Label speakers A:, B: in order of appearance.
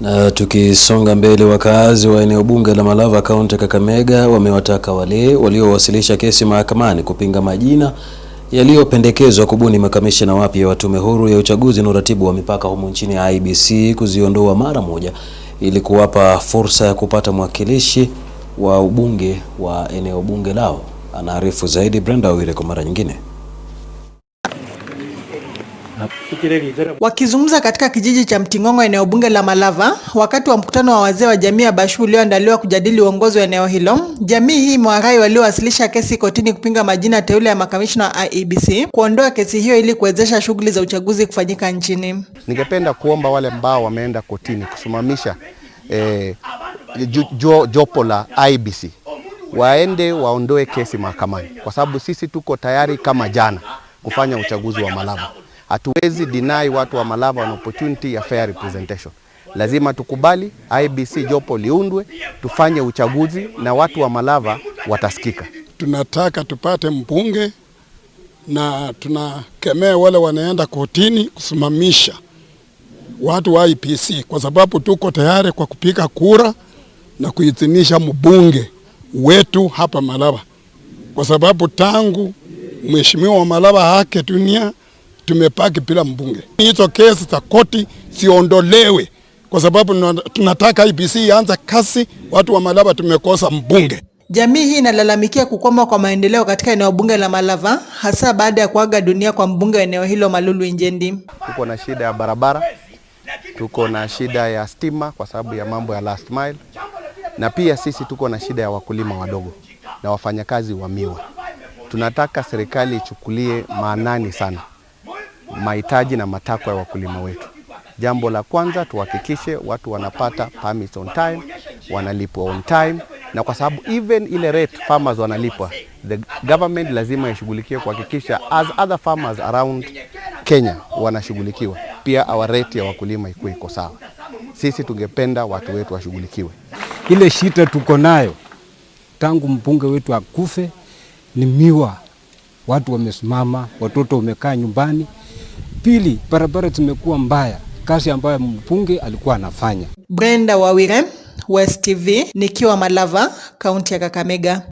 A: Na tukisonga mbele, wakaazi wa eneo bunge la Malava kaunti ya Kakamega wamewataka wale waliowasilisha kesi mahakamani kupinga majina yaliyopendekezwa kubuni makamishina wapya wa Tume Huru ya Uchaguzi na Uratibu wa Mipaka humu nchini IEBC kuziondoa mara moja ili kuwapa fursa ya kupata mwakilishi wa ubunge wa eneo bunge lao. Anaarifu zaidi Brenda Wire kwa mara nyingine.
B: Wakizungumza katika kijiji cha Mting'ong'o eneo bunge la Malava wakati wa mkutano wa wazee wa jamii ya Bashu ulioandaliwa kujadili uongozi wa eneo hilo, jamii hii imewarai waliowasilisha kesi kotini kupinga majina teule ya makamishna wa IEBC kuondoa kesi hiyo ili kuwezesha shughuli za uchaguzi kufanyika nchini.
C: Ningependa kuomba wale ambao wameenda kotini kusimamisha eh, jopo la IEBC waende waondoe kesi mahakamani, kwa sababu sisi tuko tayari kama jana kufanya uchaguzi wa Malava. Hatuwezi deny watu wa Malava an opportunity ya fair representation. Lazima tukubali IBC jopo liundwe, tufanye uchaguzi na watu wa Malava watasikika.
D: Tunataka tupate mbunge na tunakemea wale wanaenda kotini kusimamisha watu wa IPC kwa sababu tuko tayari kwa kupiga kura na kuidhinisha mbunge wetu hapa Malava, kwa sababu tangu mheshimiwa wa Malava Hake Dunia tumepaki bila mbunge. Hizo kesi za koti siondolewe kwa sababu tunataka IBC ianze kasi Watu wa Malava tumekosa mbunge.
B: Jamii hii inalalamikia kukwama kwa maendeleo katika eneo bunge la Malava, hasa baada ya kuaga dunia kwa mbunge wa eneo hilo Malulu Injendi.
E: Tuko na shida ya barabara, tuko na shida ya stima kwa sababu ya mambo ya last mile, na pia sisi tuko na shida ya wakulima wadogo na wafanyakazi wa miwa. Tunataka serikali ichukulie maanani sana mahitaji na matakwa ya wakulima wetu. Jambo la kwanza tuhakikishe watu wanapata permits on time, wanalipwa on time, na kwa sababu even ile rate farmers wanalipwa, the government lazima ishughulikie kuhakikisha as other farmers around Kenya wanashughulikiwa pia, our rate ya wakulima ikuwe iko sawa. Sisi tungependa watu wetu washughulikiwe.
F: Ile shita tuko nayo tangu mbunge wetu akufe ni miwa, watu wamesimama, watoto wamekaa nyumbani. Pili, barabara zimekuwa mbaya, kazi ambayo mbunge alikuwa anafanya.
B: Brenda Wawire, West TV, nikiwa Malava, kaunti ya Kakamega.